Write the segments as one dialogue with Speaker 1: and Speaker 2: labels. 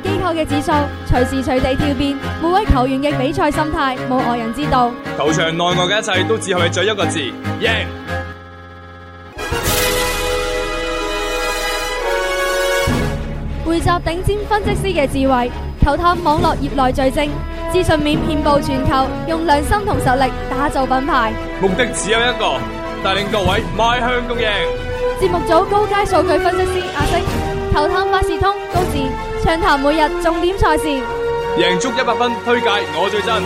Speaker 1: 機構嘅指數隨時隨地跳變，每位球員嘅比賽心態冇外人知道。
Speaker 2: 球場內外嘅一切都只係為咗一個字：贏。
Speaker 1: 匯集頂尖分析師嘅智慧，球探網絡業內最精，資訊面遍布全球，用良心同實力打造品牌。目的只有一個，帶領各位邁向共贏。節目組高階數據分析師阿星，球探萬事通高智。暢談每日重點賽事，
Speaker 2: 贏足 100FUN，推介我最真，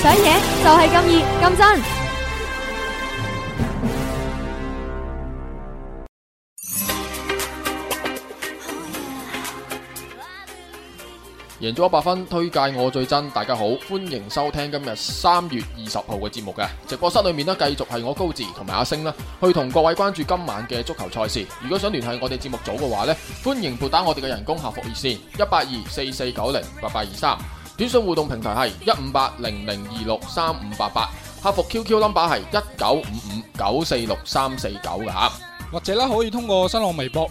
Speaker 1: 想贏就係咁熱咁
Speaker 2: 真。贏足一百分，推介我最真。大家好，歡迎收聽今日三月二十號嘅節目嘅直播室裏面咧，繼續係我高志同埋阿星啦，去同各位關注今晚嘅足球賽事。如果想聯繫我哋節目組嘅話咧，歡迎撥打我哋嘅人工客服熱線一八二四四九零八八二三，短信互動平台係一五八零零二六三五八八，客
Speaker 1: 服 QQ number 係一九五五九四六三四九嘅，吓，或者啦可以通過新浪微博。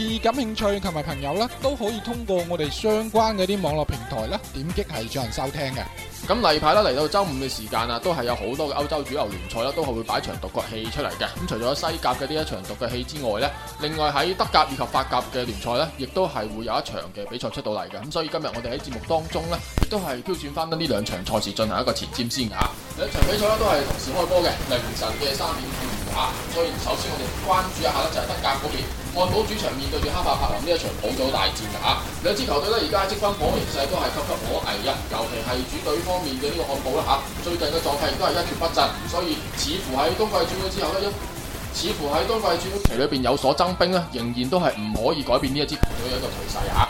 Speaker 1: 而感興趣同埋朋友咧，都可以通過我哋相關嘅啲網絡平台咧，點擊係進行收聽嘅。
Speaker 2: 咁例牌啦，嚟到周五嘅時間啊，都係有好多嘅歐洲主流聯賽啦，都係會擺場獨角戲出嚟嘅。咁除咗西甲嘅呢一場獨角戲之外咧，另外喺德甲以及法甲嘅聯賽咧，亦都係會有一場嘅比賽出到嚟嘅。咁所以今日我哋喺節目當中咧，亦都係挑選翻呢兩場賽事進行一個前瞻先嚇。兩場比賽咧都係同時開波嘅，凌晨嘅三點。所以首先我哋關注一下咧，就係德甲嗰邊漢堡主場面對住哈伯柏林呢一場保組大戰啦吓。兩支球隊咧，而家積分榜形勢都係岌岌可危啊，尤其係主隊方面嘅呢個漢堡啦吓，最近嘅狀態亦都係一蹶不振，所以
Speaker 1: 似乎喺冬季轉會之後咧，似乎喺冬季轉會期
Speaker 2: 裏邊有所增兵咧，仍然都係唔可以改變呢一支球
Speaker 1: 隊嘅一個頹勢啊。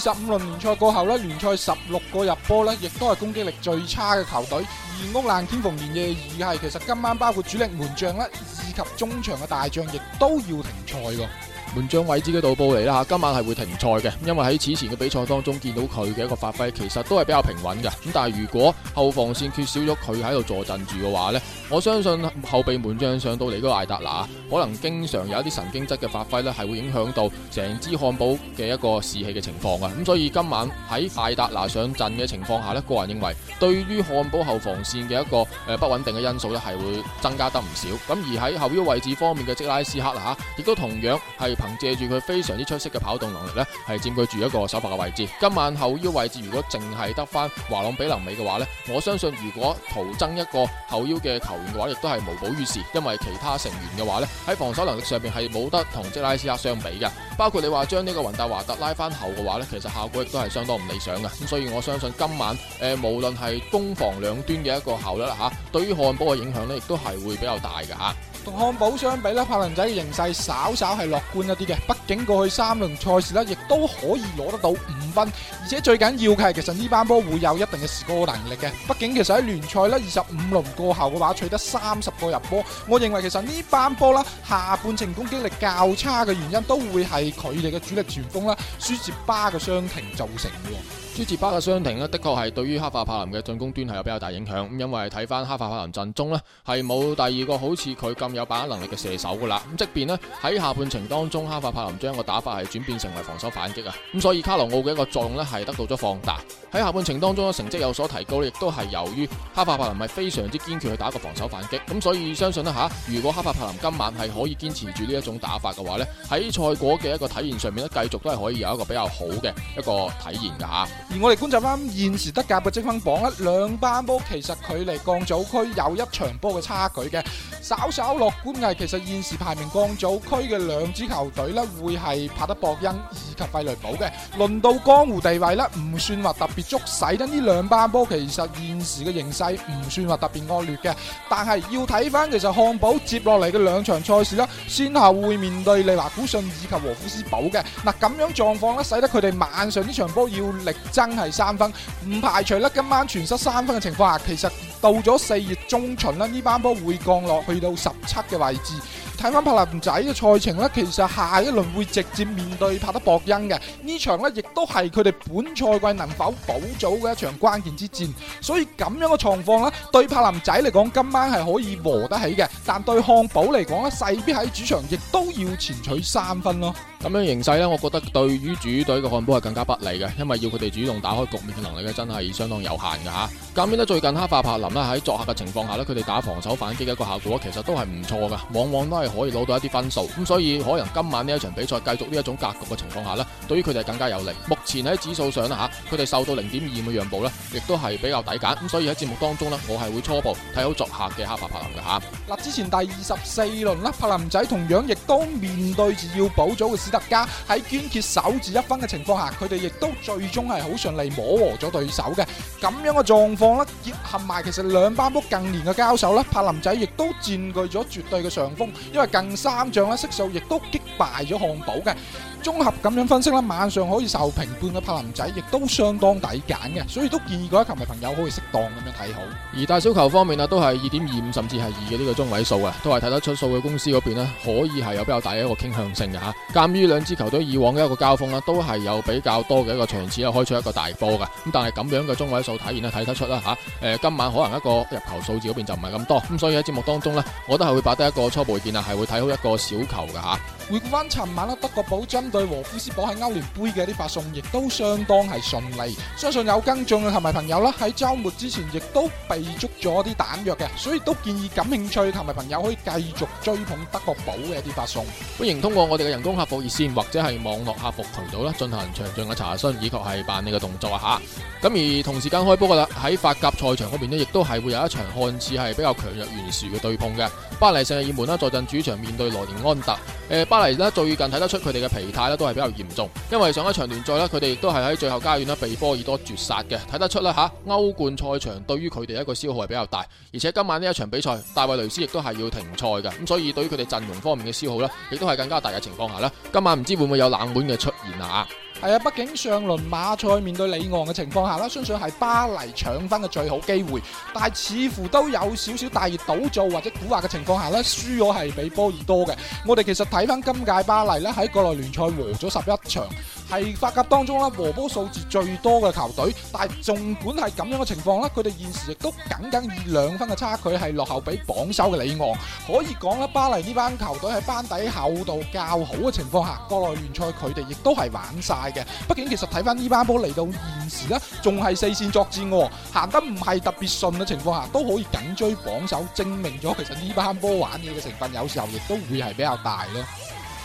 Speaker 1: 十五輪聯賽過後咧，聯賽十六個入波咧，亦都係攻擊力最差嘅球隊。而屋漏偏逢連夜雨，係其實今晚包括主力門將咧，以及中場嘅大將亦都要停
Speaker 2: 賽㗎。門將位置嘅杜布嚟啦吓，今晚係會停賽嘅，因為喺此前嘅比賽當中見到佢嘅一個發揮，其實都係比較平穩嘅。咁但係如果後防線缺少咗佢喺度坐鎮住嘅話咧，我相信後備門將上到嚟嗰個艾達拿，可能經常有一啲神經質嘅發揮咧，係會影響到成支漢堡嘅一個士氣嘅情況啊。咁所以今晚喺艾達拿上陣嘅情況下咧，個人認為對於漢堡後防線嘅一個誒不穩定嘅因素咧，係會增加得唔少。咁而喺後腰位置方面嘅積拉斯克啦吓，亦都同樣係。憑借住佢非常之出色嘅跑動能力呢，係佔據住一個首發嘅位置。今晚後腰位置如果淨係得翻華朗比林美嘅話呢，我相信如果徒增一個後腰嘅球員嘅話，亦都係無補於事。因為其他成員嘅話呢，喺防守能力上面係冇得同即拉斯克相比嘅。包括你話將呢個雲達華特拉翻後嘅話呢，其實效果亦都係相當唔理想嘅。咁所以我相信今晚誒、呃，無論係攻防兩端嘅一個效率啦吓、啊、對於漢堡嘅影響呢，亦都係會比較大嘅吓。啊
Speaker 1: 同漢堡相比咧，柏林仔嘅形勢稍稍係樂觀一啲嘅。畢竟過去三輪賽事呢，亦都可以攞得到五分。而且最緊要嘅係，其實呢班波會有一定嘅射高能力嘅。畢竟其實喺聯賽咧，二十五輪過後嘅話取得三十個入波。我認為其實呢班波啦，下半程攻擊力較差嘅原因，都會係佢哋嘅主力前鋒啦，舒哲巴嘅傷停造成嘅。朱哲巴嘅傷停呢，
Speaker 2: 的確係對於哈法柏林嘅進攻端係有比較大影響。咁因為睇翻哈法柏林陣中呢，係冇第二個好似佢咁有把握能力嘅射手噶啦。咁即便呢，喺下半程當中，哈法柏林將個打法係轉變成為防守反擊啊。咁所以卡羅奧嘅一個作用呢，係得到咗放大。喺下半程當中嘅成績有所提高，亦都係由於哈法柏林係非常之堅決去打一個防守反擊。咁所以相信呢，嚇，如果哈法柏林今晚係可以堅持住呢一種打法嘅話呢，喺賽果嘅一個體驗上面呢，繼續都係可以有一個比較好嘅一個體驗嘅嚇。
Speaker 1: 而我哋觀察翻現時德甲嘅積分榜咧，兩班波其實距離降組區有一場波嘅差距嘅。稍稍樂觀啲，其實現時排名降組區嘅兩支球隊咧，會係拍得博恩以及費雷堡嘅。輪到江湖地位咧，唔算話特別足勢，咁呢兩班波其實現時嘅形勢唔算話特別惡劣嘅。但係要睇翻其實漢堡接落嚟嘅兩場賽事咧，先後會面對利華古遜以及和夫斯堡嘅。嗱，咁樣狀況咧，使得佢哋晚上呢場波要力真係三分，唔排除咧今晚全失三分嘅情況下，其實到咗四月中旬呢班波會降落去到十七嘅位置。睇翻柏林仔嘅賽程呢，其實下一輪會直接面對柏德博恩嘅呢場呢，亦都係佢哋本賽季能否保組嘅一場關鍵之戰。所以咁樣嘅狀況呢，對柏林仔嚟講，今晚係可以和得起嘅，但對漢堡嚟講呢，勢必喺主場亦都要前取三分咯。
Speaker 2: 咁樣形勢呢，我覺得對於主隊嘅漢堡係更加不利嘅，因為要佢哋主動打開局面嘅能力真係相當有限嘅嚇。咁、啊、呢，最近哈化柏林呢喺作客嘅情況下呢，佢哋打防守反擊嘅一個效果其實都係唔錯㗎，往往都係可以攞到一啲分數。咁所以可能今晚呢一場比賽繼續呢一種格局嘅情況下呢，對於佢哋更加有利。目前喺指數上吓，佢哋受到零點二五嘅讓步呢，亦都係比較抵揀。咁所以喺節目當中呢，我係會初步睇好作客嘅哈化柏林嘅嗱，
Speaker 1: 啊、之前第二十四輪啦，柏林仔同樣亦都面對住要保組嘅。特加喺堅決守字一分嘅情況下，佢哋亦都最終係好順利摸和咗對手嘅咁樣嘅狀況啦。結合埋其實兩班屋近年嘅交手啦，柏林仔亦都佔據咗絕對嘅上風，因為近三仗咧色數亦都擊敗咗漢堡嘅。綜合咁樣分析啦，晚上可以受平半嘅柏林仔亦都相當抵揀嘅，所以都建議嗰啲球迷朋友可以適當咁樣睇好。
Speaker 2: 而大小球方面啊，都係二點二五甚至係二嘅呢個中位數啊，都係睇得出數嘅公司嗰邊咧可以係有比較大嘅一個傾向性嘅吓。啊呢兩支球隊以往嘅一個交鋒啦，都係有比較多嘅一個場次啊，開出一個大波嘅。咁但係咁樣嘅中位數體現咧，睇得出啦吓。誒、啊呃，今晚可能一個入球數字嗰邊就唔係咁多，咁所以喺節目當中呢，我都係會擺得一個初步意見啊，係會睇好一個小球嘅吓。啊
Speaker 1: 回顧翻尋晚啦，德國寶針對和夫斯堡喺歐聯杯嘅啲發送，亦都相當係順利。相信有跟進嘅球迷朋友啦，喺週末之前亦都被捉咗啲彈藥嘅，所以都建議感興趣球迷朋友可以繼續追捧德國寶嘅啲發送。
Speaker 2: 歡迎通過我哋嘅人工客服熱線或者係網絡客服渠道啦，進行詳盡嘅查詢，以及係辦理嘅動作啊嚇。咁而同時間開波啦，喺法甲賽場嗰邊呢，亦都係會有一場看似係比較強弱懸殊嘅對碰嘅，巴黎聖日耳門啦，在陣主場面對羅連安特。誒、呃、巴。嚟啦！最近睇得出佢哋嘅疲態啦，都係比較嚴重。因為上一場聯賽咧，佢哋亦都係喺最後階段啦被波爾多絕殺嘅。睇得出啦吓，歐冠賽場對於佢哋一個消耗係比較大。而且今晚呢一場比賽，大衛雷斯亦都係要停賽嘅。咁所以對於佢哋陣容方面嘅消耗呢，亦都係更加大嘅情況下咧，今晚唔知會唔會有冷門嘅出現啊？
Speaker 1: 係啊，畢、哎、竟上輪馬賽面對里昂嘅情況下咧，相信係巴黎搶分嘅最好機會，但係似乎都有少少大熱倒灶或者蠱惑嘅情況下咧，輸咗係俾波爾多嘅。我哋其實睇翻今屆巴黎咧喺國內聯賽和咗十一場。係法甲當中啦，和波數字最多嘅球隊，但係盡管係咁樣嘅情況啦，佢哋現時亦都僅僅以兩分嘅差距係落後畀榜首嘅里昂。可以講啦，巴黎呢班球隊喺班底厚度較好嘅情況下，國內聯賽佢哋亦都係玩晒嘅。畢竟其實睇返呢班波嚟到現時啦，仲係四線作戰嘅，行得唔係特別順嘅情況下，都可以緊追榜首，證明咗其實呢班波玩嘢嘅成分有時候亦都會係比較大咯。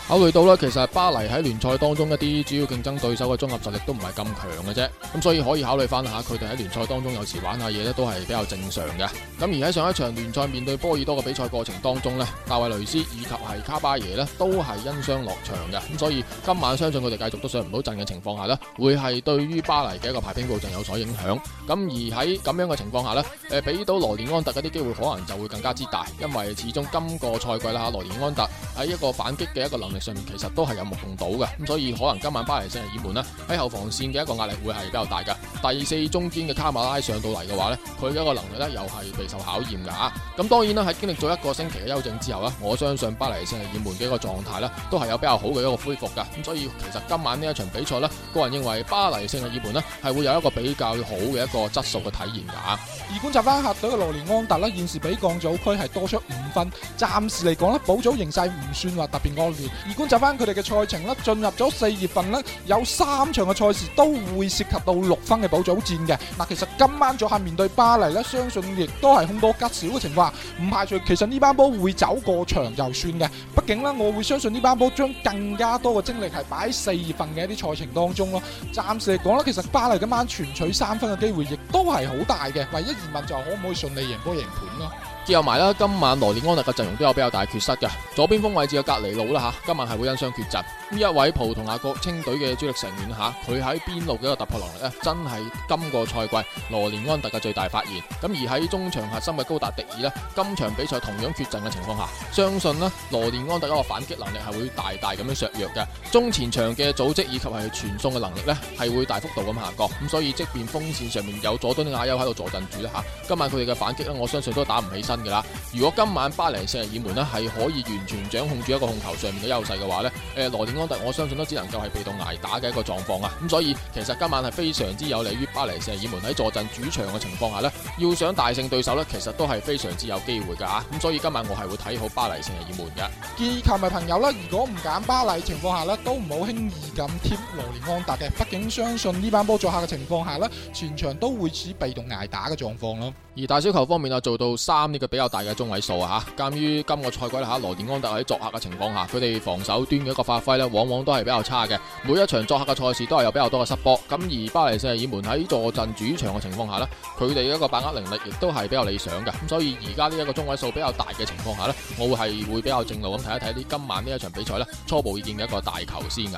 Speaker 2: 考慮到咧，其實巴黎喺聯賽當中一啲主要競爭對手嘅綜合實力都唔係咁強嘅啫，咁所以可以考慮翻下佢哋喺聯賽當中有時玩下嘢咧，都係比較正常嘅。咁而喺上一場聯賽面對波爾多嘅比賽過程當中呢，戴維雷斯以及係卡巴耶呢，都係因傷落場嘅，咁所以今晚相信佢哋繼續都上唔到陣嘅情況下呢，會係對於巴黎嘅一個排兵布陣有所影響。咁而喺咁樣嘅情況下呢，誒俾到羅連安特一啲機會可能就會更加之大，因為始終今個賽季啦嚇，羅連安特喺一個反擊嘅一個能力上面其實都係有目共睹嘅，咁所以可能今晚巴黎聖日耳門咧，喺後防線嘅一個壓力會係比較大嘅。第四中堅嘅卡馬拉上到嚟嘅話呢，佢嘅一個能力呢，又係備受考驗噶吓。咁當然啦，喺經歷咗一個星期嘅休整之後呢，我相信巴黎聖日耳門嘅一個狀態呢都係有比較好嘅一個恢復噶。咁所以其實今晚呢一場比賽呢，個人認為巴黎聖日耳門呢係會有一個比較好嘅一個質素嘅體驗噶吓。
Speaker 1: 而觀察翻客隊嘅羅連安達呢，現時比降組區係多出五分，暫時嚟講呢，保組形勢唔算話特別惡劣。而觀察翻佢哋嘅賽程呢，進入咗四月份呢，有三場嘅賽事都會涉及到六分。保組戰嘅，嗱，其實今晚在下面對巴黎咧，相信亦都係凶多吉少嘅情況，唔排除其實呢班波會走過場就算嘅。畢竟呢，我會相信呢班波將更加多嘅精力係擺喺四月份嘅一啲賽程當中咯。暫時嚟講呢，其實巴黎今晚全取三分嘅機會亦都係好大嘅，唯一疑問就係可唔可以順利贏波贏盤咯。
Speaker 2: 接住埋啦，今晚羅田安特嘅陣容都有比較大的缺失嘅，左邊鋒位置有隔尼魯啦吓，今晚係會因傷缺陣。呢一位葡萄牙國青隊嘅主力成員吓，佢喺邊路嘅一個突破能力咧，真係今個賽季羅連安特嘅最大發現。咁而喺中場核心嘅高達迪爾咧，今場比賽同樣缺陣嘅情況下，相信咧羅連安特嘅一個反擊能力係會大大咁樣削弱嘅，中前場嘅組織以及係傳送嘅能力咧，係會大幅度咁下降。咁所以即便鋒線上面有佐敦亞優喺度坐鎮住啦吓，今晚佢哋嘅反擊咧，我相信都打唔起身嘅啦。如果今晚巴黎聖日耳門咧係可以完全掌控住一個控球上面嘅優勢嘅話咧，誒羅我相信都只能夠係被動捱打嘅一個狀況啊，咁所以其實今晚係非常之有利於巴黎聖日耳門喺坐鎮主場嘅情況下呢，要想大勝對手呢，其實都係非常之有機會噶吓、啊，咁所以今晚我係會睇好巴黎聖日耳門嘅。
Speaker 1: 建議球迷朋友呢，如果唔揀巴黎情況下呢，都唔好輕易咁貼羅連安達嘅，畢竟相信呢班波作客嘅情況下呢，全場都會似被動捱打嘅狀況咯。
Speaker 2: 而大小球方面啊，做到三呢個比較大嘅中位數啊吓。鑒於今個賽季咧，羅連安達喺作客嘅情況下，佢哋防守端嘅一個發揮呢往往都係比較差嘅，每一場作客嘅賽事都係有比較多嘅失波。咁而巴黎聖日耳門喺坐鎮主場嘅情況下呢，佢哋一個把握能力亦都係比較理想嘅。咁所以而家呢一個中位數比較大嘅情況下呢，我會係會比較正路咁睇一睇啲今晚呢一場比賽呢初步意見嘅一個大球先㗎。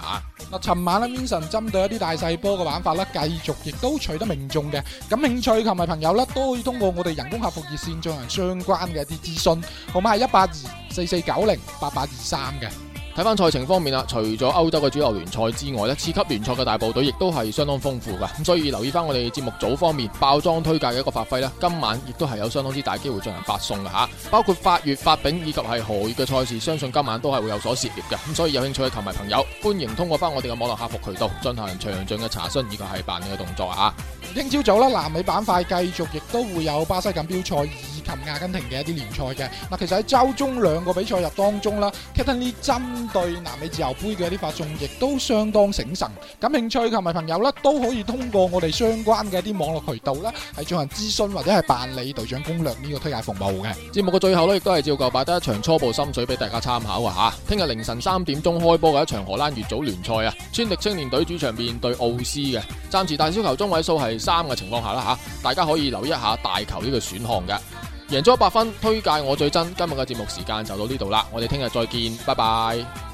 Speaker 1: 嗱，尋晚呢 Vincent 針對一啲大細波嘅玩法呢繼續亦都取得命中嘅。咁興趣球迷朋友呢，都可以通過我哋人工客服熱線進行相關嘅一啲資訊，號碼係一八二四四九零八八二三嘅。
Speaker 2: 睇翻賽程方面啦，除咗歐洲嘅主流聯賽之外呢，次級聯賽嘅大部隊亦都係相當豐富噶，咁所以留意翻我哋節目組方面爆裝推介嘅一個發揮啦，今晚亦都係有相當之大機會進行發送嘅，吓，包括法乙、法丙以及係荷乙嘅賽事，相信今晚都係會有所涉獵嘅，咁所以有興趣嘅球迷朋友，歡迎通過翻我哋嘅網絡客服渠道進行詳盡嘅查詢以及係辦理嘅動作啊！
Speaker 1: 聽朝早啦，南美板塊繼續亦都會有巴西錦標賽。同阿根廷嘅一啲聯賽嘅嗱，其實喺周中兩個比賽日當中啦 Catherine 針對南美自由杯嘅一啲發送，亦都相當醒神。感興趣同埋朋友呢，都可以通過我哋相關嘅一啲網絡渠道呢，係進行諮詢或者係辦理隊長攻略呢個推介服務嘅。節目嘅最後呢，亦都係照
Speaker 2: 舊擺得一場初步心水俾大家參考啊！嚇，聽日凌晨三點鐘開波嘅一場荷蘭乙組聯賽啊，川迪青年隊主場面對奧斯嘅，暫時大小球中位數係三嘅情況下啦嚇，大家可以留意一下大球呢個選項嘅。贏咗一百分，推介我最真。今日嘅節目時間就到呢度啦，我哋聽日再見，拜拜。